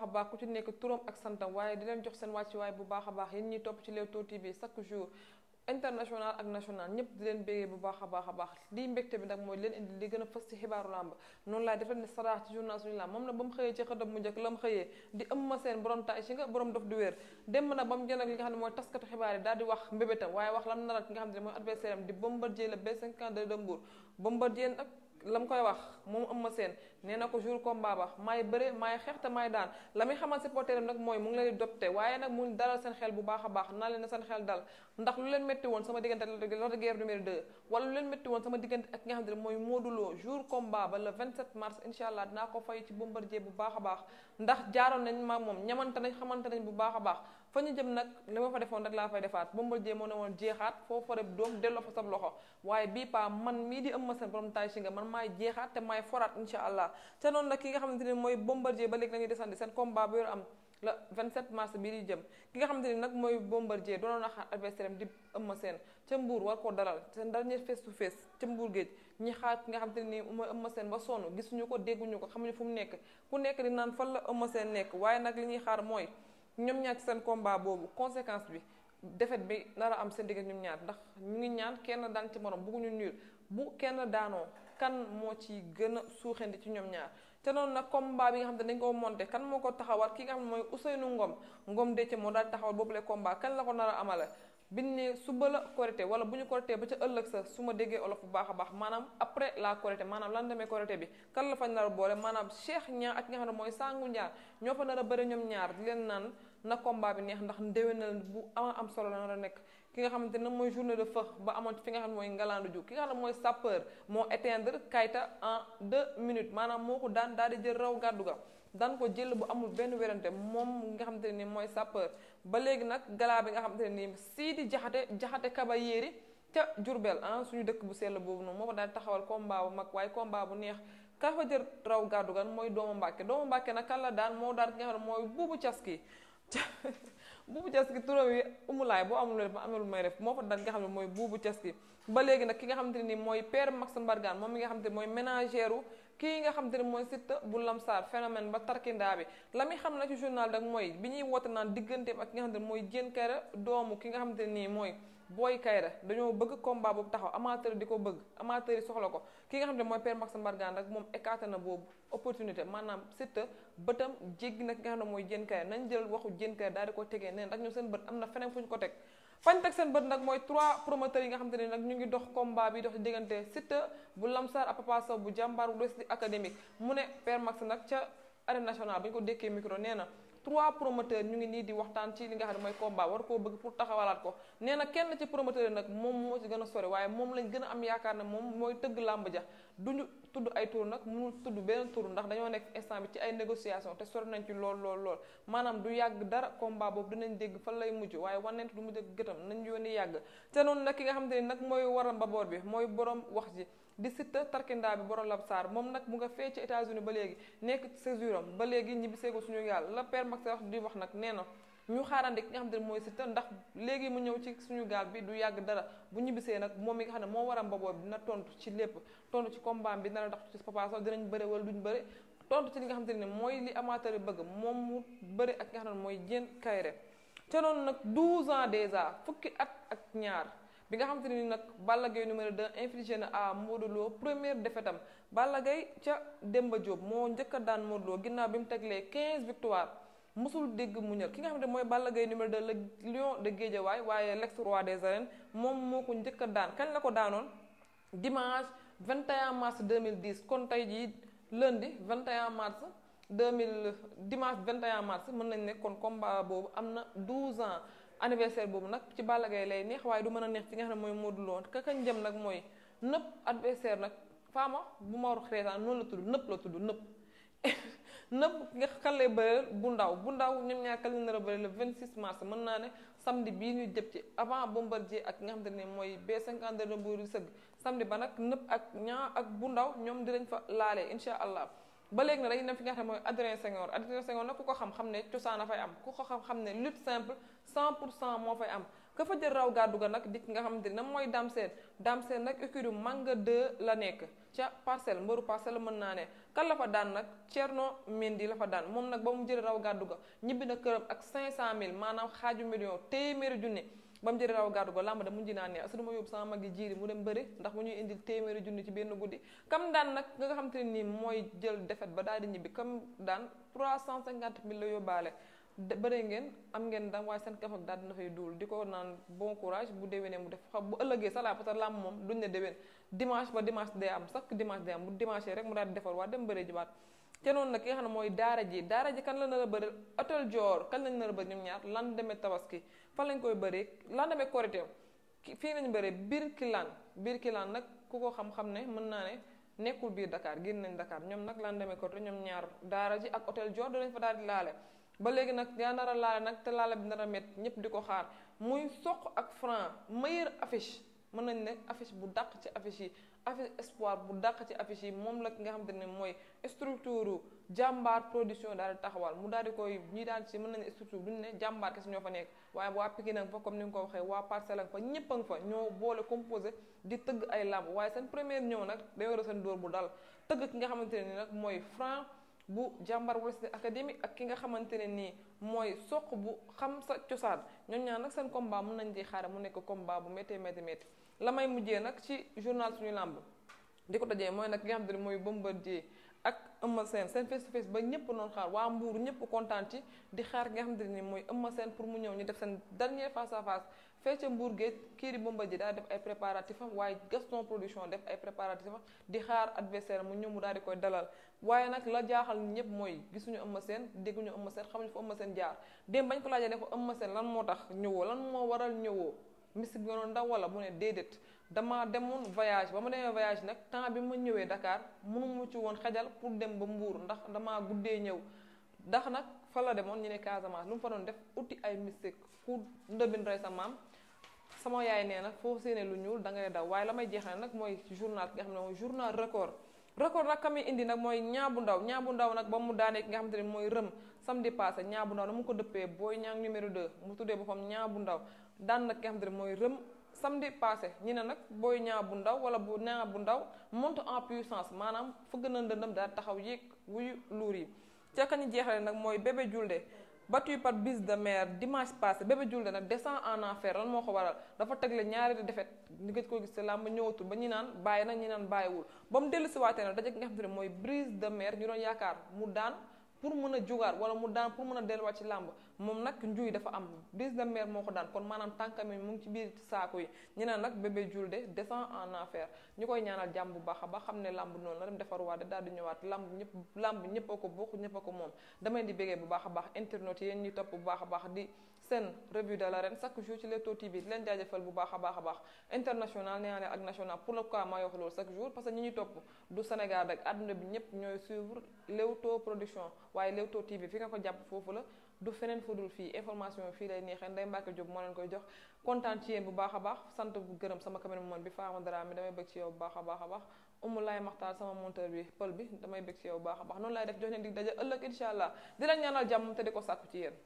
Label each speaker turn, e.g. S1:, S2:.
S1: baax a baax ku ci nekk turam ak santam waaye di leen jox seen wàccuwaay bu baax a baax yéen ñi topp ci Leewtoo TV chaque jour international ak national ñëpp di leen béggee bu baax a baax a baax lii mbégte bi nag mooy leen indi li gën a fës ci xibaaru làmb noonu laay defal ne saraax ci journal suñu moom na ba xëyee ci xëdab mu njëkk la xëyee di ëmma seen borom taay si nga borom dof du wér dem nag ba mu ak mooy taskatu xibaar yi daal di wax la mu koy wax moom Eumeu seen nee na ko jour combat ba maay bëre maay xeex te maay daan la muy xamal supporteram nag mooy mu ngi leen di dopte waaye nag mu dalal seen xel bu baax a baax naa leen na seen xel dal ndax lu leen métti woon sama diggante ak Lac de Guiers numéro 2 wala lu leen métti woon sama diggante ak nga xam ne mooy Modou Lo jour combat ba le 27 mars incha allah ko fay ci Bombardier bu baax a baax ndax jaaroon nañ ma moom ñamante nañ xamante nañ bu baax baax fa ñu jëm nag li ma fa defoon rek laa fay defaat Bombardier moo ne woon jeexaat foo foreb doom delloo fa sab loxo waaye bii paa man mii di ëmma seen borom tay si nga man maay jeexaat te maay foraat incha allah te noonu nag ne mooy Bombardier ba léegi nañuy desandi seen combat bu yor am le 27 mars bii di jëm ki xamante ni nag mooy Bombardier doonoon a xaar adversaire am di Eumeu Sène ca Mbour war koo dalal seen dernier face to face ca Mbour géej ñi xaar ki nga xamante ni mooy Eumeu Sène ba sonn gisuñu ko dégguñu ko xamuñu fu mu nekk ku nekk di naan fan la Eumeu Sène nekk waaye nag li ñuy xaar mooy ñoom ñaar seen combat boobu conséquence bi defet bi nar a am seen diggante ñoom ñaar ndax mu ngi ñaan kenn daan ci morom bugguñu nul bu kenn daanoo kan moo ci gën a suuxandi ci ñoom ñaar te noonu nag combat bi nga xam ne dañ ko monté kan moo ko taxawal ki nga xam ne mooy Ousseynou Ngom ngoom Déthié moo daal taxawal boobu le combat kan la ko nar a amale bind ne suba la korité wala bu ñu korité ba ca ëllëg sa su ma déggee olof bu baax a baax maanaam après la korité maanaam lan demee korité bi kan fa nar a boole maanaam Cheikh Niang ak ki nga xam ne mooy Sangu Ndiaar ñoo fa nar a bëri ñoom ñaar di leen naan na combat bi neex ndax na bu ama am solo la nar a nekk ki nga xamante ne mooy journée de feu ba amoon fi nga xam ne mooy ngalaandu ju ki nga xam ne mooy sapeur moo éteindre kayta en deux minutes maanaam moo ko daan daal di jël raw gàddu ga daan ko jël bu amul benn werante moom nga xamante ne ni mooy sapeur ba léegi nag galaa bi nga xamante ne nii Sidi Jaxate Jaxate Kaba Yéeri ca Jurbel ah suñu dëkk bu sell boobu noonu moo fa daal taxawal combat bu mag waaye combat bu neex kaa fa jël raw gàddu gan mooy doomu Mbàkke doomu Mbàkke nag kan la daan moo daan ki nga xam ne mooy buubu caski buubu caski turam wi umulaay boo amul def ma amelu may def moo fa daan nga xam ne mooy buubu caski ba léegi nag ki nga xamante ne mooy père Max Mbargaan moom mi nga xamante ne mooy ménagère kii nga xam te ne mooy Siteu bu lamsaar phénomène ba tarkindaa bi la muy xam na ci journal dak mooy bi ñuy woote naan digganteem ak ki nga xam te ne mooy Diène Kaïré ki nga xam te nii mooy Boy Kaïré dañoo bëgg combat boobu taxaw amateur di ko bëgg amateur yi soxla ko ki nga xam ne mooy Père Max Mbargane rek moom écarté na boobu opportunité maanaam Siteu bëtam jéggi nag ki nga xam ne mooy Diène Kaïré nañ jël waxu Diène Kaïré daal di ko tegee neen rek ñoom seen bët am na feneen fu ñu ko teg fañ teg seen bët nag mooy trois promoteurs yi nga xam ne nag ñu ngi dox combat bi dox ci diggante Siteu bu Lamsar ak Papa Sow bu jàmbaar bu Wrestling Académique mu ne Père Max nag ca arène nationale bu ñu ko dékkee micro nee na trois promoteurs ñu ngi nii di waxtaan ci li nga xam ne mooy combat war koo bëgg pour taxawalaat ko nee na kenn ci promoteur nag moom moo ci gën a sore waaye moom lañ gën a am yaakaar ne moom mooy tëgg làmb ja ñu tudd ay tur nag mënul tudd benn tur ndax dañoo nekk instant bi ci ay négociation te sori nañ ci lool lool lool maanaam du yàgg dara combat boobu dinañ dégg fan lay mujj waaye wanent du mujj gëtam nañ yooni yàgg te noonu nag ki nga xam te ni nag mooy waral mbaboor bi mooy borom wax ji di Siteu tarkindaa bi borom lab saar moom nag mu nga fee ci États-Unis ba léegi nekk séjour am ba léegi ñibbisee ko suñu gaal la père Max wax di wax nag nee na ñu xaarandi ki nga xam ne mooy Siteu ndax léegi mu ñëw ci suñu gaal bi du yàgg dara bu ñibbisee nag moom mi nga xam ne moo war a mboboo dina tontu ci lépp tontu ci combat bi dina dox ci Papa Sow dinañ bëre wala duñ bëre tontu ci li nga xam te ne mooy li amaatari yi bëgg moom mu bëre ak nga mooy Diène Kaïré ca noonu nag 12 ans déjà fukki at ak ñaar bi nga xamante ne ni nag Balla Gaye numéro 2 infligé na à Modou Lo première défaite am Balla ca Demba Diop moo njëkk daan Modou Lo ginnaaw bi mu teglee 15 victoire musul dégg mu ñor ki nga xam xamante mooy Balla Gaye numéro 2 le lion de Guédiawaye waaye l'ex roi des arènes moom moo ko njëkk daan kañ la ko daanoon dimanche 21 mars 2010 kon tey jii lundi 21 mars. 2000 dimanche 21 mars mën nañ ne kon combat boobu am na 12 ans anniversaire boobu nag ci Balla Gaye lay neex waaye du mën a neex ci nga xam ne mooy Modou Lo ka jëm nag mooy nëpp adversaire nag faama bu ma war xeetaan noonu la tudd nëpp la tudd nëpp nëpp nga kan lay bëreel bu ndaw bu ndaw ñoom ñaar kan la nar a bëreel le mars mën naa ne samedi bii nu jëm ci avant Bombardier ak nga xam te ne mooy B52 de Mbour sëgg samedi ba nag nëpp ak ñaa ak bu ndaw ñoom dinañ fa laalee incha allah. ba léegi nag dañuy dem fi nga xam ne mooy Adrien Senghor Adrien Senghor nag ku ko xam xam ne cosaan a fay am ku ko xam xam ne lutte simple cent pour cent moo fay am ka fa jël raw gàddu ga nag dikk nga xamante ne mooy Dame Sène Dame Sène nag écurie Manga 2 la nekk ca parcelle mbaru parcelle mën naa ne kan la fa daan nag Thierno Mendy la fa daan moom nag ba mu jël raw gàddu ga ñibbi na këram ak 500000 maanaam xaaju million téeméeri junne ba mu jëlee raw gàddu ko làmb da mujj naa ne asuduma yóbbu sama mag yi jiiri mu dem bëri ndax mu ñuy indil téeméeri junni ci benn guddi kam daan nag nga xam te ne nii mooy jël defet ba daal di ñibbi kam daan 350 mille la yóbbaale bëri ngeen am ngeen dam waaye seen kaf ak daal dina fay duul di ko naan bon courage bu déwénee mu def xam bu ëllëgee sa la parce que làmb moom duñ ne déwén dimanche ba dimanche day am sax dimanche day rek mu daal di defar waa dem bëri jiwaat te noonu nag ki nga xam ne mooy daara ji daara ji kan la nar a bëri joor Dior kan lañ nar a ñoom ñaar lan demee tabaski fan lañ koy bëree lan demee ki fii lañ bëree biir Birkilaan nag ku ko xam-xam ne mën naa ne nekkul biir Dakar génn nañ Dakar ñoom nag lan demee korité ñoom ñaar daara ji ak hôtel Dior danañ fa daal di laale ba léegi nag yaa nar a laale nag te laale bi nar a métti ñëpp di ko xaar muy soq ak franc meilleure affiche mën nañ ne affiche bu dàq ci affiche yi affiche espoir bu dàq ci affiche moom la ki nga xamante ne mooy structure jàmbaar production daal di taxawal mu daal di koy ñi daal ci mën nañu structure duñ ne jàmbaar kese ñoo fa nekk waaye waa Pikine a nga fa comme ni nga ko waxee waa Parcelles a nga fa ñëpp a nga fa ñoo boole composé di tëgg ay làmb waaye seen première ñëw nag dañoo seen dóor bu dal tëgg ki nga xamante ne nag mooy franc bu jàmbar Wrestling Academy ak ki nga xamante ne nii mooy soq bu xam sa cosaan ñoom ñaar nag seen combat mën nañ di xaare mu nekk baa bu méttee métti métti la may mujjee nag ci journal suñu làmb di ko dajee mooy nag ki nga xamante ne mooy jee ak Eumeu Sène seen face face ba ñëpp noonu xaar waa Mbour ñëpp kontaan ci di xaar ki nga xamante ne nii mooy Eumeu seen pour mu ñëw ñu def seen dernier face à fecca Mbour Géej kii di ji daa def ay préparatifs am waaye Gaston Production def ay préparatifs di xaar adversaire mu ñëw mu daal di koy dalal waaye nag la jaaxal ñëpp mooy gisuñu Eumeu Sène dégguñu Eumeu Sène xamuñu fa Eumeu Sène jaar dem bañ ko laajee ne ko Eumeu seen lan moo tax ñëwoo lan moo waral ñëwoo mystique bi nga doon daw wala mu ne déedéet dama demoon voyage ba ma demee voyage nag temps bi ma ñëwee Dakar mënu mu ci woon xajal pour dem ba Mbour ndax damaa guddee ñëw ndax nag fa la demoon ñu ne Casamance lu mu fa doon def uti ay mystique ku ndëbin rey sa maam sama yaay nee nag foo séenee lu ñuul dangay daw waaye la may jeexal nag mooy journal ki nga xam ne mooy journal record record nag kami indi nag mooy ñaabu ndaw ñaabu ndaw nag ba mu daanee ki nga xamante ne mooy rëm samedi passé ñaabu ndaw na mu ko dëppee booy ñaang numéro 2 mu tuddee boppam ñaabu ndaw daan nag ki mooy rëm samedi passé ñi ne nag booy ñaa bu ndaw wala bu ñaa bu ndaw monte en puissance maanaam fëgg na ndëndam daal taxaw yéeg wuyu luur yi ca kañu jeexale nag mooy bébé julde battu part Brise de Mer dimanche passé Bébé Diouldé nag descend en enfer lan moo ko waral dafa tegle ñaari défaite ñu gëj ko gis ci làmb ñëwatul ba ñi naan bàyyi nag ñi naan bàyyiwul ba mu dellu si waatee nag daje ki nga xam ne mooy Brise de Mer ñu doon yaakaar mu daan pour mën a jugaat wala mu daan pour mën a delluwaat ci làmb moom nag njuy dafa am brise de mer moo ko daan kon maanaam tànkami mu ngi ci biir saako yi ñu naan nag bébé Diouldé descend en enfer ñu koy ñaanal jàmm bu baax a baax xam ne làmb noonu la dem defaruwaat daal di ñëwaat làmb ñëpp làmb ñëpp a ko bokk ñëpp ko moom damay di bégee bu baax a baax internet yéen ñi topp bu baax a baax di seen revue de l'arène chaque jour ci Leewtoo TV di leen jaajëfal bu baax a baax a baax international nee naa leen ak national pourquoi may wax loolu chaque jour parce que ñi ñu topp du Sénégal rek àdduna bi ñëpp ñooy suivre Leewtoo production waaye Leewtoo TV fi nga ko jàpp foofu la du feneen fu dul fii information fii lay neexee Ndeye Mbacke Diop moo leen koy jox kontaan ci yéen bu baax a baax sant bu gërëm sama caméraman bi Fama Dramé damay bëgg ci bu baax a baax a baax umu laay maxtaar sama monteur bi damay bëgg ci yow bu a baax noonu def jox leen dig daje ëllëg incha allah di leen ñaanal ko sàkku yéen